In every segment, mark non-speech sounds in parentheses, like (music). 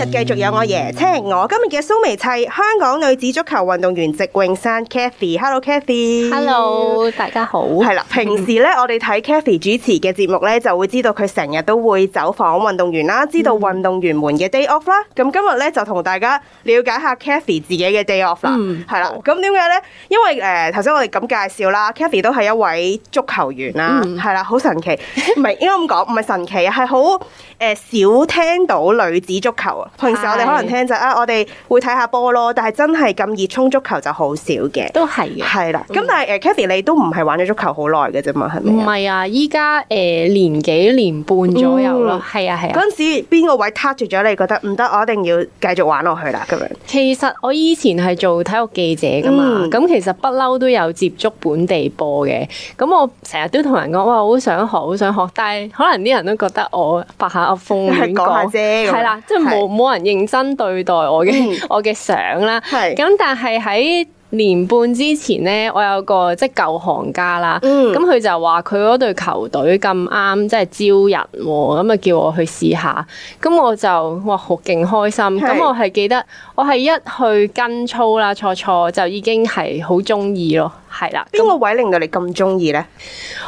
日、嗯、繼續有我椰青，我今日嘅蘇眉砌香港女子足球運動員植詠珊 Cathy，Hello Cathy，Hello 大家好，係啦。平時咧我哋睇 Cathy 主持嘅節目咧，就會知道佢成日都會走訪運動員啦，知道運動員們嘅 day off 啦。咁、嗯嗯、今日咧就同大家了解下 Cathy 自己嘅 day off 啦，係、嗯、啦。咁點解咧？因為誒頭先我哋咁介紹啦，Cathy 都係一位足球員啦，係啦，好神奇。唔係應該咁講，唔係神奇係好。誒少聽到女子足球啊！平時我哋可能聽就是、唉 啊，我哋會睇下波咯，但係真係咁熱衷足球就好少嘅。都係嘅。係啦的，咁、嗯、但係誒，Cathy 你都唔係玩咗足球好耐嘅啫嘛，係咪？唔係啊，依家誒年幾年半左右咯，係啊係啊。嗰陣、啊啊、時邊個位 touch 住咗你？覺得唔得，我一定要繼續玩落去啦咁樣。其實我以前係做體育記者㗎嘛，咁、嗯、其實不嬲都有接觸本地波嘅。咁我成日都同人講哇，好想學，好想學，但係可能啲人都覺得我拍下我。阿、啊、鳳亂講，係啦，即係冇冇人認真對待我嘅 (laughs) 我嘅相啦。咁 (laughs) 是但係喺～年半之前咧，我有個即係舊行家啦，咁佢、嗯、就話佢嗰隊球隊咁啱，即係招人、哦，咁啊叫我去試下，咁我就哇好勁開心。咁係，我係記得，我係一去跟操啦，初初就已經係好中意咯，係啦。邊個位令到你咁中意呢？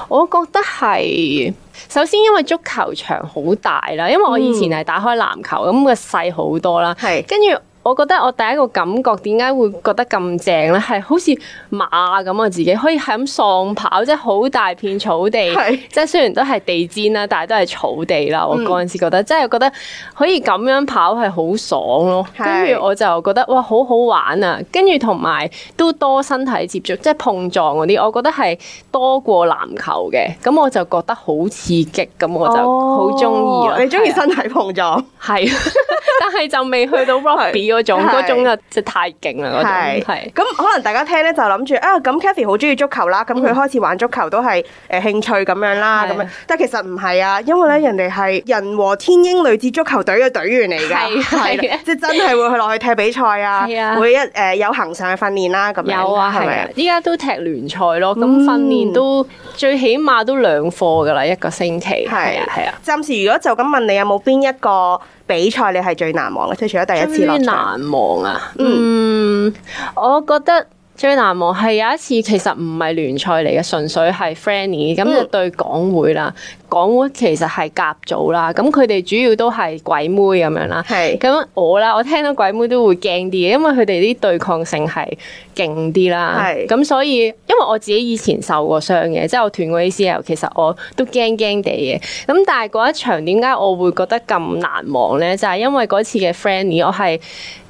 我覺得係首先因為足球場好大啦，因為我以前係打開籃球，咁、個細好多啦，係跟住。我覺得我第一個感覺點解會覺得咁正咧？係好似馬咁啊，我自己可以係咁喪跑，即係好大片草地，是即係雖然都係地氈啦，但係都係草地啦。我嗰陣時覺得，嗯、即係覺得可以咁樣跑係好爽咯。跟住是我就覺得哇，好好玩啊！跟住同埋都多身體接觸，即係碰撞嗰啲，我覺得係多過籃球嘅。咁我就覺得好刺激，咁我就好中意。哦、是你中意身體碰撞？係是， (laughs) (laughs) 但係就未去到 rugby。嗰種嗰種啊，即係太勁啦！係係咁，可能大家聽咧就諗住啊，咁 Cathy 好中意足球啦，咁佢開始玩足球都係誒興趣咁樣啦，咁樣，但係其實唔係啊，因為咧人哋係人和天鷹女子足球隊嘅隊員嚟噶，係即係真係會去落去踢比賽啊，係一誒有恒常嘅訓練啦，咁樣有啊，係咪啊？依家都踢聯賽咯，咁訓練都最起碼都兩課噶啦，一個星期係啊係啊。暫時如果就咁問你有冇邊一個？比賽你係最難忘嘅？即係除咗第一次落場。最難忘啊？嗯，我覺得。最難忘係有一次，其實唔係聯賽嚟嘅，純粹係 Fanny r 咁就對港會啦。嗯、港會其實係夾組啦，咁佢哋主要都係鬼妹咁樣啦。係咁是我啦，我聽到鬼妹都會驚啲嘅，因為佢哋啲對抗性係勁啲啦。係咁是，所以因為我自己以前受過傷嘅，即、就、係、是、我斷過 ACL，其實我都驚驚哋嘅。咁但係嗰一場點解我會覺得咁難忘咧？就係、是、因為嗰次嘅 Fanny，r 我係，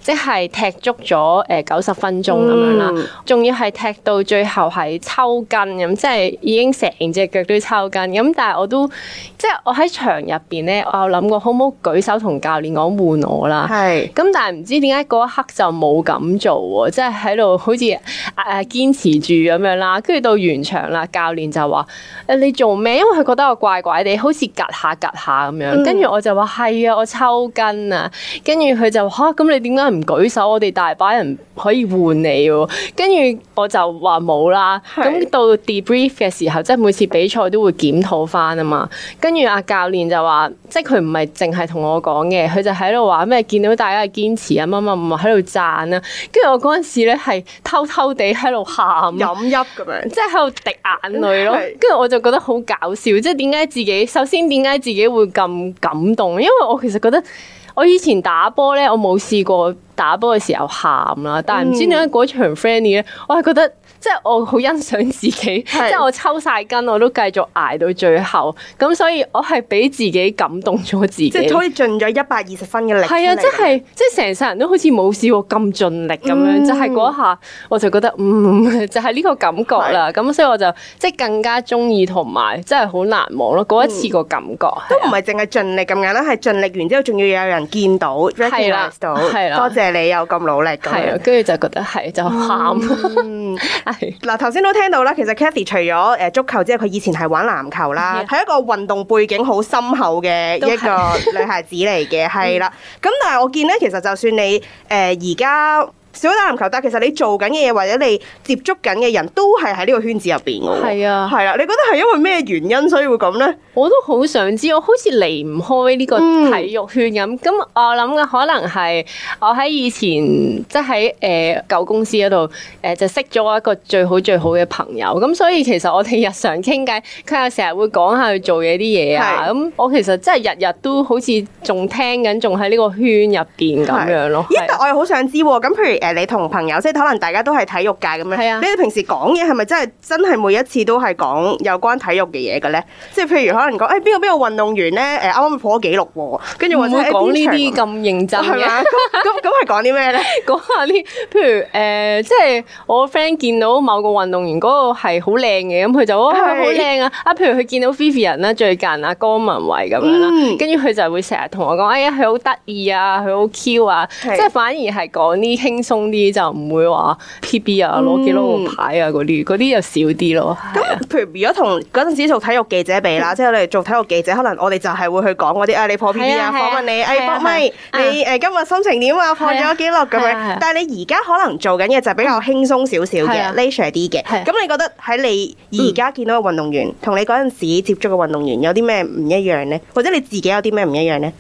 即係踢足咗誒九十分鐘咁樣啦，仲、mm. 要係踢到最後係抽筋咁，即係已經成隻腳都抽筋咁。但係我都即係我喺場入邊咧，我有諗過，好冇舉手同教練講換我啦。係咁是，但係唔知點解嗰一刻就冇咁做喎，即係喺度好似誒、呃、堅持住咁樣啦。跟住到完場啦，教練就話：誒你做咩？因為佢覺得我怪怪地，好似隔下隔下咁樣。跟住我就話：係啊，我抽筋啊。跟住佢就嚇咁，你點解？唔舉手，我哋大把人可以換你。跟住我就話冇啦。咁的到 debrief 嘅時候，即係每次比賽都會檢討翻啊嘛。跟住阿教練就話，即係佢唔係淨係同我講嘅，佢就喺度話咩見到大家嘅堅持啊，乜乜唔係喺度讚啊。跟住我嗰陣時咧，係偷偷地喺度喊，飲泣咁樣，即係喺度滴眼淚咯。跟住的我就覺得好搞笑，即係點解自己，首先點解自己會咁感動？因為我其實覺得。我以前打波咧，我冇試過打波嘅時候喊啦，但係唔知點解嗰場 friendly 咧，我係覺得。即係我好欣賞自己，即係我抽晒筋，我都繼續捱到最後。咁所以，我係俾自己感動咗自己，即係可以盡咗一百二十分嘅力。係啊，即係即係成世人都好似冇試過咁盡力咁樣，就係嗰一下，我就覺得嗯，就係呢個感覺啦。咁所以我就即係更加中意同埋，真係好難忘咯嗰一次個感覺。都唔係淨係盡力咁樣啦，係盡力完之後，仲要有人見到 recognise 到，係啦，多謝你有咁努力。係啊，跟住就覺得係就喊。嗱，頭先、啊、都聽到啦，其實 Cathy 除咗誒足球之外，佢以前係玩籃球啦，係 Yeah. 一個運動背景好深厚嘅一個女孩子嚟嘅，係都是 (laughs) 啦。咁但係我見咧，其實就算你誒而家，呃少打籃球，但其實你做緊嘅嘢或者你接觸緊嘅人都係喺呢個圈子入邊嘅喎。係啊，係啊，你覺得係因為咩原因所以會咁咧？我都好想知，我好似離唔開呢個體育圈咁。咁，嗯，我諗嘅可能係我喺以前即係喺誒，呃，舊公司嗰度誒就識咗一個最好最好嘅朋友。咁所以其實我哋日常傾偈，佢又成日會講下佢做嘢啲嘢啊。咁，係，我其實真係日日都好似仲聽緊，仲喺呢個圈入邊咁樣咯。咦？但係我又好想知喎。咁譬如。誒你同朋友，即係可能大家都係體育界咁樣。係是啊！你哋平時講嘢係咪真係真係每一次都係講有關體育嘅嘢嘅咧？即係譬如可能講誒邊個邊個運動員咧誒啱啱破咗紀錄喎、啊，跟住會唔會講呢啲咁認真嘅？咁咁係講啲咩咧？講下呢，譬如誒、呃，即係我 friend 見到某個運動員嗰個係好靚嘅，咁佢就哇好靚啊！哦、啊，譬如佢見到 Vivian 啦，最近阿江文慧咁樣啦，跟住佢就會成日同我講：哎呀，佢好得意啊，佢好 Q 啊！即係、啊、反而係講啲輕鬆。鬆啲就唔會話 P. B. 啊，攞幾多個牌啊，嗰啲嗰啲又少啲咯。咁譬如如果同嗰陣時做體育記者比啦，即係我哋做體育記者，可能我哋就係會去講嗰啲啊，你破 P. B. 啊，訪問你哎博咪，你誒今日心情點啊，破咗幾多咁樣。但係你而家可能做緊嘅就比較輕鬆少少嘅，laidier 啲嘅。咁你覺得喺你而家見到嘅運動員，同你嗰陣時接觸嘅運動員有啲咩唔一樣咧？或者你自己有啲咩唔一樣咧？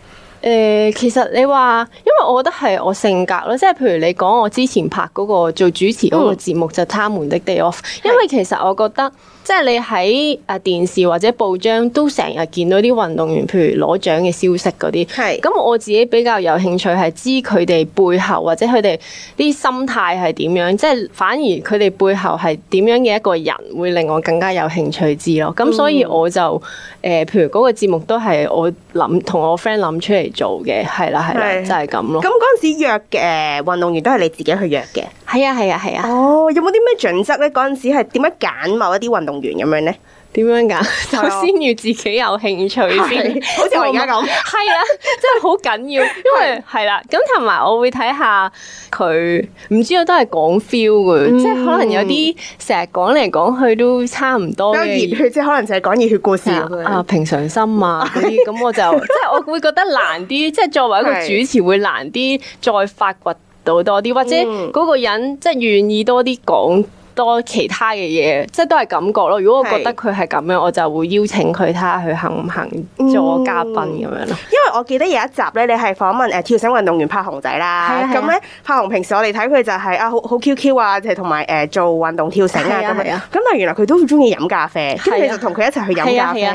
誒、呃，其實你話，因為我覺得係我性格咯，即係譬如你講我之前拍嗰個做主持嗰個節目，嗯、就他、是、們的 day off。因為其實我覺得。即係你喺啊電視或者報章都成日見到啲運動員，譬如攞獎嘅消息嗰啲。係咁是，我自己比較有興趣係知佢哋背後或者佢哋啲心態係點樣。即係反而佢哋背後係點樣嘅一個人，會令我更加有興趣知咯。咁、嗯、所以我就誒、呃，譬如嗰個節目都係我諗同我 friend 諗出嚟做嘅，係啦係啦，啦是就係咁咯。咁嗰陣時約嘅運動員都係你自己去約嘅。係啊係啊係啊！哦，有冇啲咩準則咧？嗰陣時係點樣揀某一啲運動員咁樣咧？點樣揀？首先要自己有興趣先，好似我而家咁。係啊，即係好緊要，因為係啦。咁同埋我會睇下佢，唔知我都係講 feel 嘅，即係可能有啲成日講嚟講去都差唔多嘅熱血，即係可能成日講熱血故事啊、平常心啊嗰啲。咁我就即係我會覺得難啲，即係作為一個主持會難啲再發掘。到多啲，或者嗰個人即係願意多啲講。多其他嘅嘢，即係都係感覺咯。如果我覺得佢係咁樣，我就會邀請佢，睇下佢行唔行做我嘉賓咁樣咯。因為我記得有一集咧，你係訪問誒跳繩運動員柏鴻仔啦。咁咧，柏鴻平時我哋睇佢就係啊好好 Q Q 啊，同埋誒做運動跳繩啊咁啊。咁啊，原來佢都好中意飲咖啡。咁其實同佢一齊去飲咖啡，咁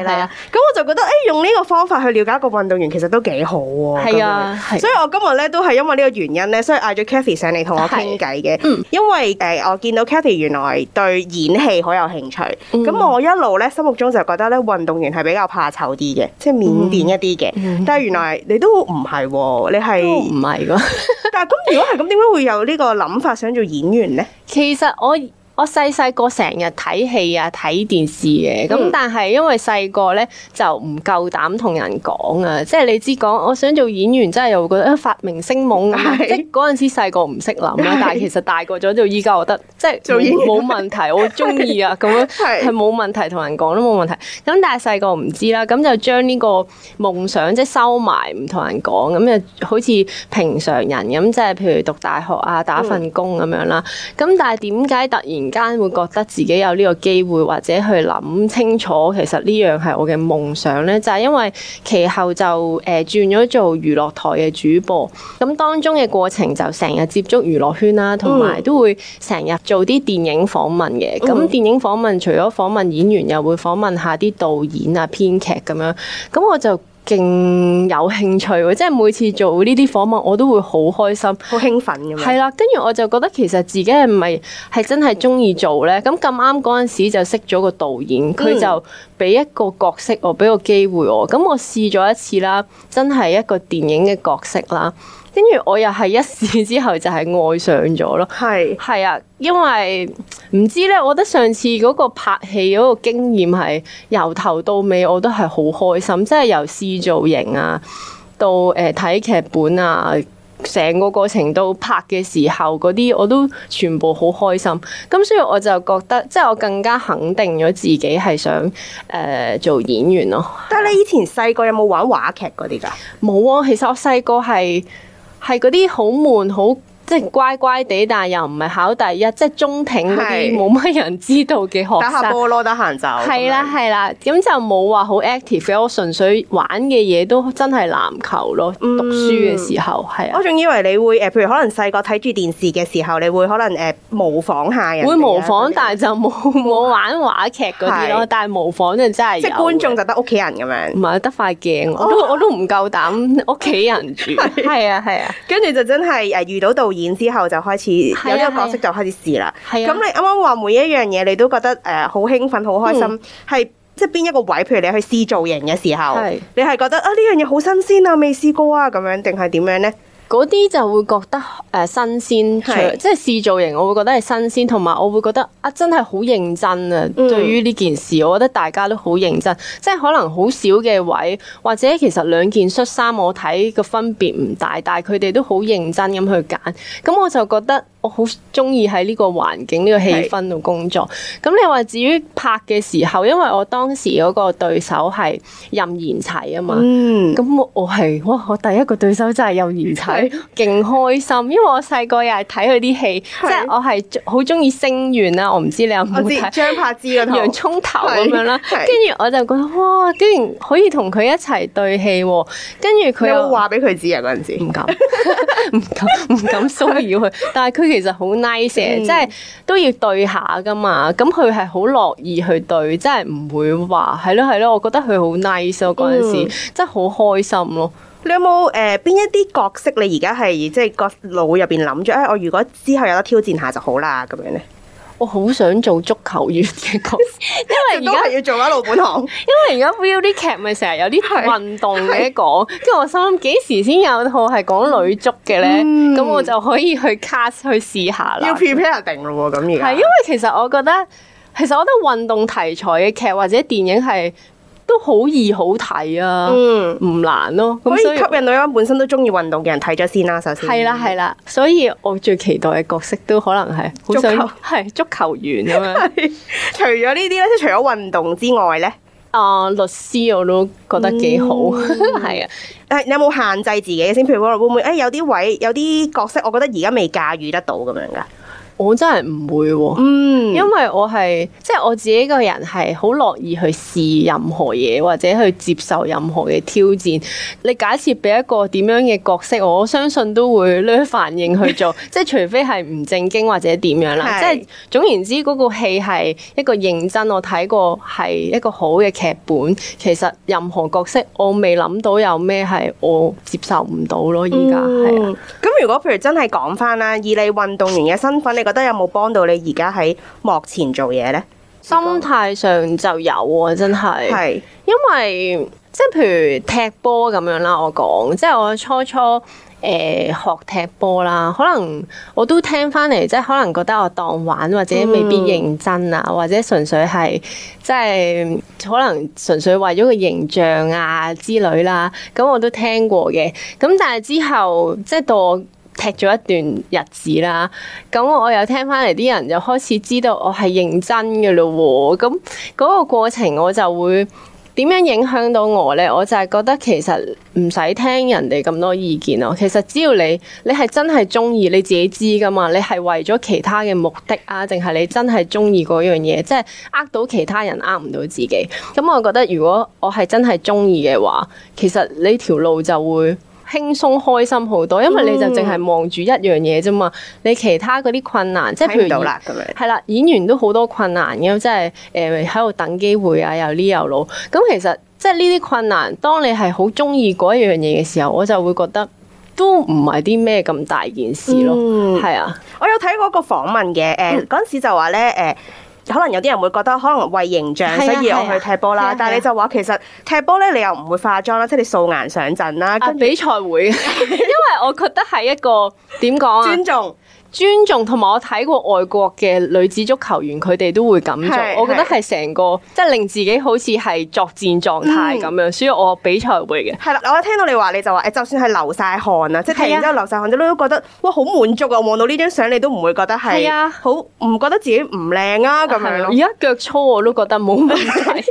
我就覺得誒用呢個方法去了解一個運動員其實都幾好喎。啊，所以我今日咧都係因為呢個原因咧，所以嗌咗 Cathy 上嚟同我傾偈嘅。因為誒我見到 Cathy 原來對演戲好有興趣，咁、嗯、我一路咧心目中就覺得咧運動員係比較怕醜啲嘅，即係腼腆一啲嘅，嗯、但係原來你都唔係、哦，你係唔係噶？但係咁如果係咁，點解 (laughs) 會有呢個諗法想做演員呢？其實我。我細細個成日睇戲啊、睇電視嘅，咁但係因為細個咧就唔夠膽同人講啊，嗯、即係你知講我想做演員，真係又會覺得啊發明星夢，是的 即係嗰陣時細個唔識諗啦。是的 但係其實大個咗到依家，我覺得即係做演員冇問題，我中意啊，咁喜歡 樣係冇問題，同人講都冇問題。咁 (laughs) 是的 但係細個唔知啦，咁就將呢個夢想即係收埋唔同人講，咁就好似平常人咁，即係譬如讀大學啊、打份工咁、嗯、樣啦。咁但係點解突然？間會覺得自己有呢個機會，或者去諗清楚，其實呢樣係我嘅夢想呢，就係因為其後就誒，轉咗做娛樂台嘅主播。咁當中嘅過程就成日接觸娛樂圈啦，同埋都會成日做啲電影訪問嘅。咁電影訪問除咗訪問演員，又會訪問下啲導演啊、編劇咁樣。咁我就。勁有興趣喎！即係每次做呢啲訪問，我都會好開心，好興奮咁樣。係啦，跟住我就覺得其實自己係唔係係真係中意做呢？咁咁啱嗰陣時就識咗個導演，佢就俾一個角色我，俾個機會我。咁我試咗一次啦，真係一個電影嘅角色啦。跟住我又係一試之後就係愛上咗咯，係是，係啊，因為唔知咧，我覺得上次嗰個拍戲嗰個經驗係由頭到尾，我都係好開心，即係由試造型啊，到誒睇劇本啊，成個過程到拍嘅時候嗰啲，我都全部好開心。咁所以我就覺得，即係我更加肯定咗自己係想誒、呃、做演員咯。但係你以前細個有冇玩話劇嗰啲㗎？冇啊，啊，其實我細個係。係嗰啲好悶，好。即係乖乖哋，但係又唔係考第一，即係中挺啲冇乜人知道嘅學生。打下波咯，得閒就。係啦係啦，咁就冇話好 active，我純粹玩嘅嘢都真係籃球咯。嗯、讀書嘅時候係啊。我仲以為你會誒，譬如可能細個睇住電視嘅時候，你會可能誒模仿下嘅。會模仿，但係就冇冇、嗯、玩話劇嗰啲咯。的但係模仿就真係。即係觀眾就得屋企人咁樣。唔係得塊鏡，我都、哦、我都唔夠膽屋企人住。係啊係啊，跟住 (laughs) (laughs) 就真係誒遇到導。然之後就開始有呢個角色就開始試啦。咁、啊啊、你啱啱話每一樣嘢你都覺得誒好興奮、好開心，係即係邊一個位？譬如你去試造型嘅時候，是啊、你係覺得啊呢樣嘢好新鮮啊，未試過啊咁樣，定係點樣呢？嗰啲就會覺得誒、呃、新鮮，是即係試造型，我會覺得係新鮮，同埋我會覺得啊，真係好認真啊！嗯、對於呢件事，我覺得大家都好認真，即係可能好少嘅位，或者其實兩件恤衫我睇個分別唔大，但係佢哋都好認真咁去揀，咁我就覺得，我好中意喺呢個環境、呢、呢個氣氛度工作。咁你話至於拍嘅時候，因為我當時嗰個對手係任賢齊啊嘛，咁、嗯、我係哇，我第一個對手真係任賢齊，勁開心。因為我細個又係睇佢啲戲，是即係我係好中意星願啊。我唔知你有冇睇張柏芝《洋蔥頭》咁樣啦。跟住我就覺得哇，竟然可以同佢一齊對戲。跟住佢有話俾佢知啊，嗰陣時唔敢，唔 (laughs) (laughs) (laughs) 敢，唔敢騷擾佢。但係佢。其實好 nice，嗯、即係都要對下噶嘛。咁佢係好樂意去對，即係唔會話係咯係咯。我覺得佢好 nice 咯，嗰陣時真係好開心咯。你有冇誒，邊一啲角色你而家係即係個腦入邊諗住誒？我如果之後有得挑戰下就好啦，咁樣咧。我好想做足球員嘅角色，因為而家係要做翻老本行。因為而家 Viu 啲劇咪成日有啲運動嘅講，跟住 (laughs) 是我心諗幾時先有套係講女足嘅咧？咁、嗯、我就可以去 cast 去試下啦。要 prepare 定咯，咁而家係因為其實我覺得，其實我覺得運動題材嘅劇或者電影係。都好易好睇啊，嗯，唔難咯，啊，可、嗯、以吸引女人本身都中意運動嘅人睇咗先啦，啊，首先係啦係啦，所以我最期待嘅角色都可能係足球，係足球員咁樣。 (laughs) 除咗呢啲咧，除咗運動之外咧，啊、呃、律師我都覺得幾好，係啊、嗯。誒 (laughs) 的，你有冇限制自己先？譬如話會唔會誒、哎、有啲位有啲角色，我覺得而家未駕馭得到咁樣噶？我真係唔會、哦，嗯，因為我係即係我自己個人係好樂意去試任何嘢，或者去接受任何嘅挑戰。你假設俾一個點樣嘅角色，我相信都會咧反應去做， (laughs) 即係除非係唔正經或者點樣啦。即係是總言之，嗰個戲係一個認真，我睇過係一個好嘅劇本。其實任何角色，我未諗到有咩係我接受唔到咯。而家係，咁、啊嗯、如果譬如真係講翻啦，以你運動員嘅身份，你覺得有冇幫到你而家喺幕前做嘢呢？心態上就有啊，真係。係，因為即係譬如踢波咁樣啦。我講，即係我初初誒學踢波啦，可能我都聽翻嚟，即係可能覺得我當玩或者未必認真啊，嗯，或者純粹係即係可能純粹為咗個形象啊之類啦。咁我都聽過嘅。咁但係之後即係到。踢咗一段日子啦，咁我又聽翻嚟啲人就開始知道我係認真嘅咯喎，咁嗰個過程我就會點樣影響到我呢？我就係覺得其實唔使聽人哋咁多意見咯，其實只要你你係真係中意，你自己知噶嘛，你係為咗其他嘅目的啊，定係你真係中意嗰樣嘢，即係呃到其他人呃唔到自己。咁我覺得如果我係真係中意嘅話，其實呢條路就會輕鬆開心好多，因為你就淨係望住一樣嘢啫嘛，你其他嗰啲困難，即係譬如演，係啦，演員都好多困難嘅，即係誒喺度等機會啊，又呢又老，咁其實即係呢啲困難，當你係好中意嗰一樣嘢嘅時候，我就會覺得都唔係啲咩咁大件事咯，係啊、嗯，係啊我有睇過一個訪問嘅，誒嗰陣時就話咧，誒、呃。可能有啲人會覺得，可能為形象，啊、所以我去踢波啦。啊啊、但係你就話其實踢波咧，你又唔會化妝啦，即係你素顏上陣啦。啊、後比賽會， (laughs) 因為我覺得係一個點講啊，尊重。尊重同埋我睇過外國嘅女子足球員，佢哋都會咁做。我覺得係成個即係令自己好似係作戰狀態咁樣，所以我比賽會嘅。係啦，我聽到你話你就話，誒，就算係流晒汗啊，即係踢完之後流晒汗，你都覺得哇好滿足啊！我望到呢張相，你都唔會覺得係啊，好唔覺得自己唔靚啊咁樣咯。而家腳粗我都覺得冇問題，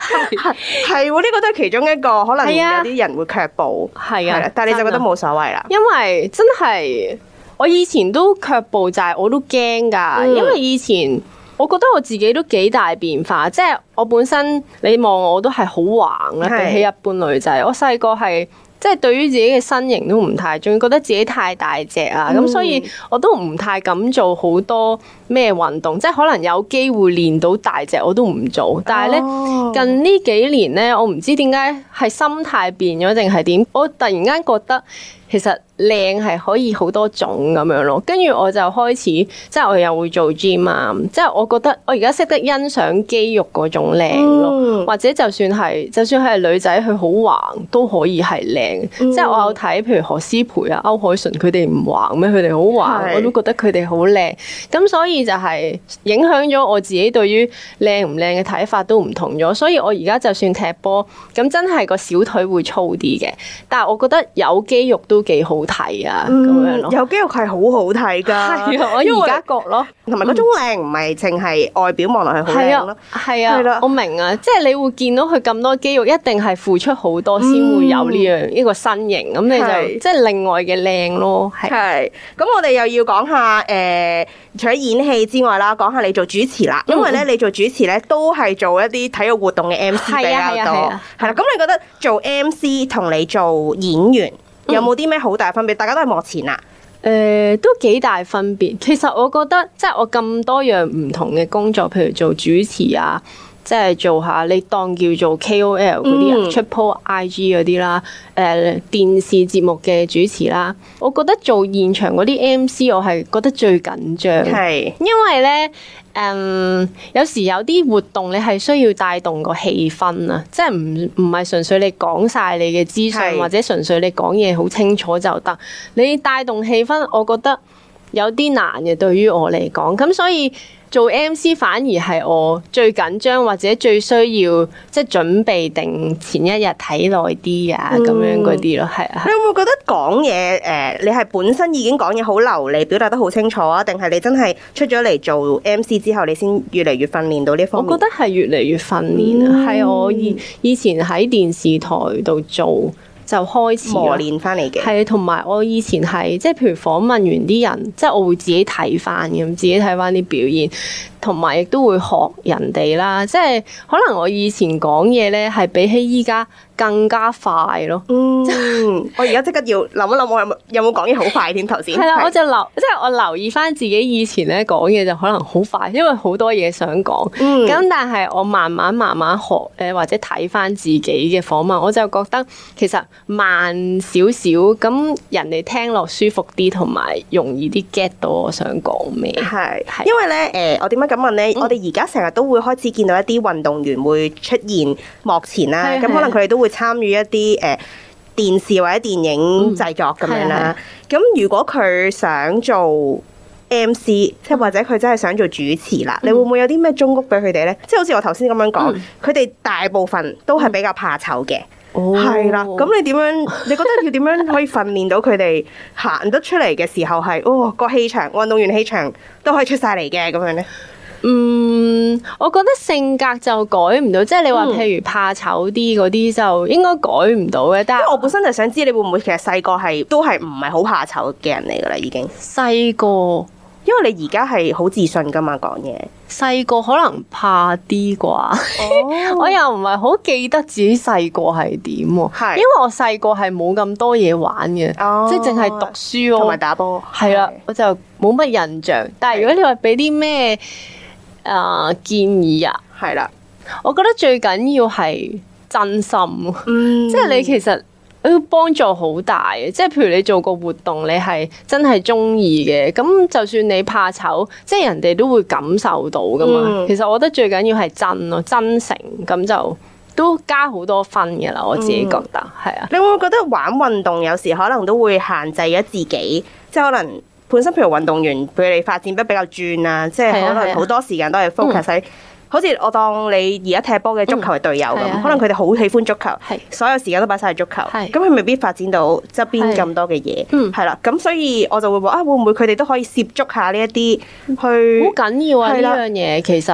係，係呢個都係其中一個，可能有啲人會卻步，係啊，但係你就覺得冇所謂啦，因為真係。我以前都卻步就係我都驚㗎，嗯、因為以前我覺得我自己都幾大變化，即、就、係、是、我本身你望我都係好橫呀，是比起一般女仔。我細個係即係對於自己嘅身形都唔太中意，覺得自己太大隻啊，咁、嗯、所以我都唔太敢做好多咩運動，即係可能有機會練到大隻我都唔做，但係咧、oh. 近呢幾年咧，我唔知點解係心態變咗定係點，我突然間覺得其實靚係可以好多種咁樣咯。跟住我就開始，即係我又會做 gym 啊，即係我覺得我而家識得欣賞肌肉嗰種靚咯，mm. 或者就算係就算係女仔佢好橫都可以係靚。Mm. 即係我有睇，譬如何詩蓓啊、歐鎧淳佢哋唔橫咩？佢哋好橫，Yes. 我都覺得佢哋好靚。咁所以。就係影響咗我自己對於靚唔靚嘅睇法都唔同咗，所以我而家就算踢波，咁真係個小腿會粗啲嘅。但係我覺得有肌肉都幾好睇啊，咁樣咯。有肌肉係好好睇噶，係我而家覺咯，同埋嗰種靚唔係淨係外表望落去好靚咯，係啊，我明啊，即係你會見到佢咁多肌肉，一定係付出好多先會有呢樣呢個身形，咁你就即係另外嘅靚咯，係。係咁我哋又要講下誒，除咗演。戲之外啦，講下你做主持啦，因為咧你做主持咧都係做一啲體育活動嘅 MC 比較多，係啦、啊。咁、啊啊啊啊、你覺得做 MC 同你做演員有冇啲咩好大分別？嗯、大家都係幕前啊？誒、呃，都幾大分別。其實我覺得，即、就、係、是、我咁多樣唔同嘅工作，譬如做主持啊。即係做下你當叫做 KOL 嗰啲人出 po IG 嗰啲啦，誒、呃、電視節目嘅主持啦、啊，我覺得做現場嗰啲 MC，我係覺得最緊張，係是 因為咧，誒、嗯、有時有啲活動你係需要帶動個氣氛啊，即係唔唔係純粹你講晒你嘅資訊，是 或者純粹你講嘢好清楚就得，你帶動氣氛，我覺得有啲難嘅，對於我嚟講，咁所以。做 MC 反而係我最緊張或者最需要即係準備定前一日睇耐啲啊，咁樣嗰啲咯，係啊。嗯、你有冇覺得講嘢誒？你係本身已經講嘢好流利，表達得好清楚啊？定係你真係出咗嚟做 MC 之後，你先越嚟越訓練到呢方面？我覺得係越嚟越訓練啊，係、嗯、我以以前喺電視台度做。就開始磨練翻嚟嘅，係啊，同埋我以前係即係，譬如訪問完啲人，即係我會自己睇翻咁，自己睇翻啲表現。同埋亦都會學人哋啦，即係可能我以前講嘢咧，係比起依家更加快咯。嗯， (laughs) 我而家即刻要諗一諗，我有冇有冇講嘢好快添頭先？係啦， (laughs) 我就留， (laughs) 即係我留意翻自己以前咧講嘢就可能好快，因為好多嘢想講。咁、嗯、但係我慢慢慢慢學咧，或者睇翻自己嘅訪問，我就覺得其實慢少少，咁人哋聽落舒服啲，同埋容易啲 get 到我想講咩。係係，因為咧，誒、呃，我點解。咁問咧，我哋而家成日都會開始見到一啲運動員會出現幕前啦、啊。咁的可能佢哋都會參與一啲誒、呃、電視或者電影製作咁樣啦、啊。咁如果佢想做 MC，即係、嗯、或者佢真係想做主持啦，嗯、你會唔會有啲咩忠告俾佢哋咧？即、就、係、是、好似我頭先咁樣講，佢哋、嗯、大部分都係比較怕醜嘅。嗯、的哦，係啦。咁你點樣？ (laughs) 你覺得要點樣可以訓練到佢哋行得出嚟嘅時候係哦、個氣場，運動員氣場都可以出晒嚟嘅咁樣咧？嗯，我覺得性格就改唔到，即係你話譬如怕醜啲嗰啲，嗯、就應該改唔到嘅。但係我本身就想知你會唔會其實細個係都係唔係好怕醜嘅人嚟㗎啦，已經細個，因為你而家係好自信㗎嘛講嘢。細個可能怕啲啩，oh. (laughs) 我又唔係好記得自己細個係點喎。Oh. 因為我細個係冇咁多嘢玩嘅，oh. 即係淨係讀書同、啊、埋打波。係啦對，我就冇乜印象。但係如果你話俾啲咩？啊！Uh, 建議啊，係啦的，我覺得最緊要係真心，嗯、即係你其實都幫助好大嘅。即係譬如你做個活動，你係真係中意嘅，咁就算你怕醜，即係人哋都會感受到噶嘛。嗯、其實我覺得最緊要係真咯，真誠咁就都加好多分嘅啦。我自己覺得係啊。嗯、的你會唔會覺得玩運動有時可能都會限制咗自己，即係可能。本身譬如運動員，佢哋發展得比較轉啊，即係可能好多時間都係 focus 喺。嗯好似我當你而家踢波嘅足球嘅隊友咁，嗯啊啊、可能佢哋好喜歡足球，是所有時間都擺晒喺足球。咁佢是未必發展到側邊咁多嘅嘢。嗯，係啦、啊。咁所以我就會話啊，會唔會佢哋都可以涉足下呢一啲去？好緊、嗯、要啊！呢樣嘢其實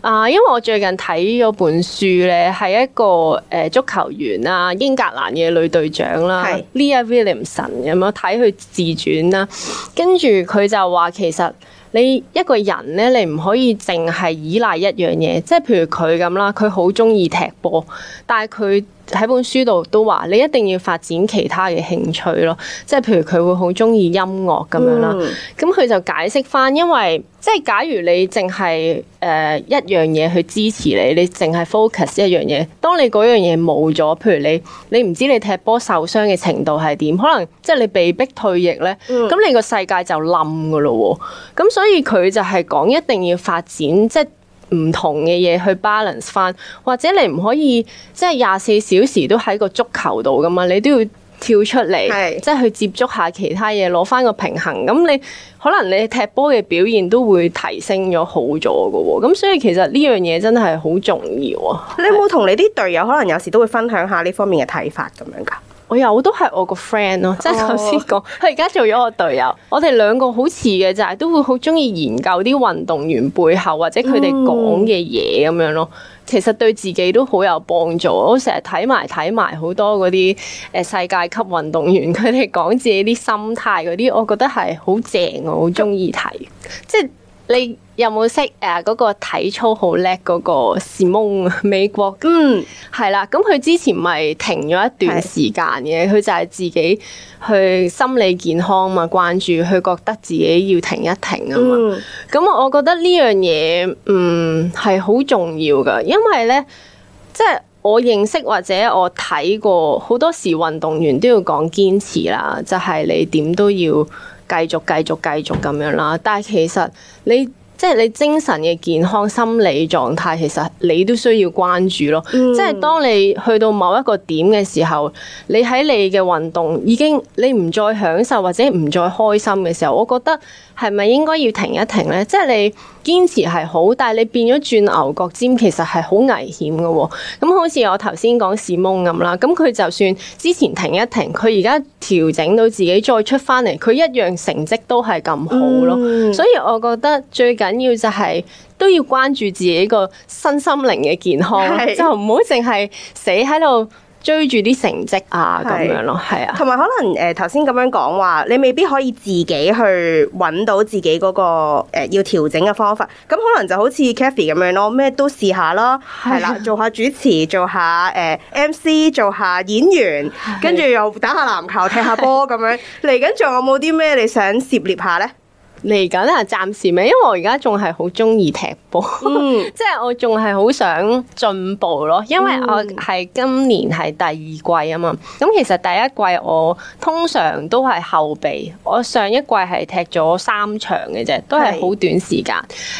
啊、呃，因為我最近睇咗本書咧，係一個誒、呃、足球員啊，英格蘭嘅女隊長啦 Leah Williamson 咁樣睇佢自傳啦，跟住佢就話其實。你一個人呢，你唔可以淨係依賴一樣嘢，即係譬如佢咁啦，佢好鍾意踢波，但係佢。喺本書度都話，你一定要發展其他嘅興趣咯，即係譬如佢會好中意音樂咁樣啦。咁佢、嗯、就解釋翻，因為即係假如你淨係誒一樣嘢去支持你，你淨係 focus 一樣嘢。當你嗰樣嘢冇咗，譬如你你唔知你踢波受傷嘅程度係點，可能即係你被逼退役咧，咁、嗯、你個世界就冧噶咯喎。咁所以佢就係講一定要發展，即係。唔同嘅嘢去 balance 翻，或者你唔可以即係廿四小時都喺個足球度㗎嘛，你都要跳出嚟，是即係去接觸下其他嘢，攞翻個平衡。咁你可能你踢波嘅表現都會提升咗好咗嘅喎。咁所以其實呢樣嘢真係好重要啊！你有冇同你啲隊友可能有時都會分享下呢方面嘅睇法咁樣㗎？我有都係我個 friend 咯，即係頭先講，佢而家做咗我隊友，我哋兩個好似嘅，就係都會好中意研究啲運動員背後或者佢哋講嘅嘢咁樣咯。Mm. 其實對自己都好有幫助，我成日睇埋睇埋好多嗰啲誒世界級運動員佢哋講自己啲心態嗰啲，我覺得係好正，我好中意睇。嗯、即係你。有冇識誒嗰、啊嗰個體操好叻嗰個 Simone 美國？嗯，係啦。咁佢之前咪停咗一段時間嘅，佢的就係自己去心理健康嘛，關注佢覺得自己要停一停啊嘛。咁、嗯、我覺得呢樣嘢嗯係好重要㗎，因為呢，即、就、係、是、我認識或者我睇過好多時運動員都要講堅持啦，就係、是、你點都要繼續繼續繼續咁樣啦。但係其實你即係你精神嘅健康、心理狀態，其實你都需要關注咯。嗯、即係當你去到某一個點嘅時候，你喺你嘅運動已經你唔再享受或者唔再開心嘅時候，我覺得係咪應該要停一停咧？即係你堅持係好，但係你變咗轉牛角尖，其實係好危險嘅。咁好似我頭先講史蒙咁啦，咁佢就算之前停一停，佢而家調整到自己再出翻嚟，佢一樣成績都係咁好咯。嗯、所以我覺得最近緊要就係都要關注自己個身心靈嘅健康，是就唔好淨係死喺度追住啲成績啊，咁樣咯，係啊。同埋可能誒，頭先咁樣講話，你未必可以自己去揾到自己嗰、嗰個誒、呃、要調整嘅方法。咁可能就好似 Cathy 咁樣咯，咩都試下啦，係啦，做下主持，做下誒、呃、MC，做下演員，跟住又打下籃球，踢下波咁、啊、樣。嚟緊仲有冇啲咩你想涉獵下咧？嚟緊啊！暫時未，因為我而家仲係好鍾意踢波，即係、嗯、 (laughs) 我仲係好想進步咯。因為我係今年係第二季啊嘛。咁、嗯、其實第一季我通常都係後備，我上一季係踢咗三場嘅啫，都係好短時間。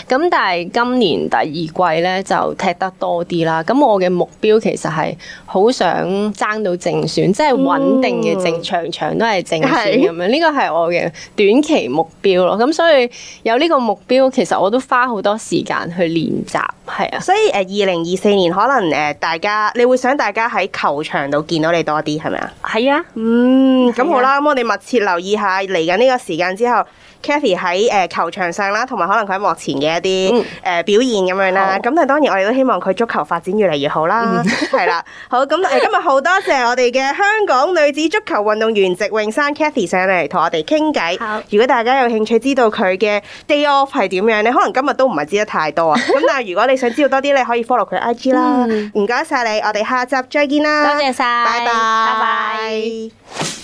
咁是但係今年第二季咧就踢得多啲啦。咁我嘅目標其實係好想爭到正選，即、就、係、是、穩定嘅正、嗯、場場都係正選咁樣。呢個係我嘅短期目標咯。咁所以有呢個目標，其實我都花好多時間去練習。係啊， (music) 所以誒，二零二四年可能誒，大家你會想大家喺球場度見到你多啲係咪啊？係啊， (music) 嗯，咁好啦，咁、 (music) 嗯、我哋密切留意下嚟緊呢個時間之後，Cathy 喺誒球場上啦，同埋可能佢喺幕前嘅一啲誒、呃、表現咁樣啦。咁但係當然我哋都希望佢足球發展越嚟越好啦。係、嗯、 (laughs) (laughs) 啦，好咁誒，今日好多謝我哋嘅香港女子足球運動員植詠珊 Cathy 上嚟同我哋傾偈。好如果大家有興趣知道佢嘅 day off 係點樣你可能今日都唔係知得太多啊。咁但係如果你想，知道多啲你可以 follow 佢 IG 啦。唔該晒你，我哋下集再見啦。多謝晒，拜拜拜拜。Bye bye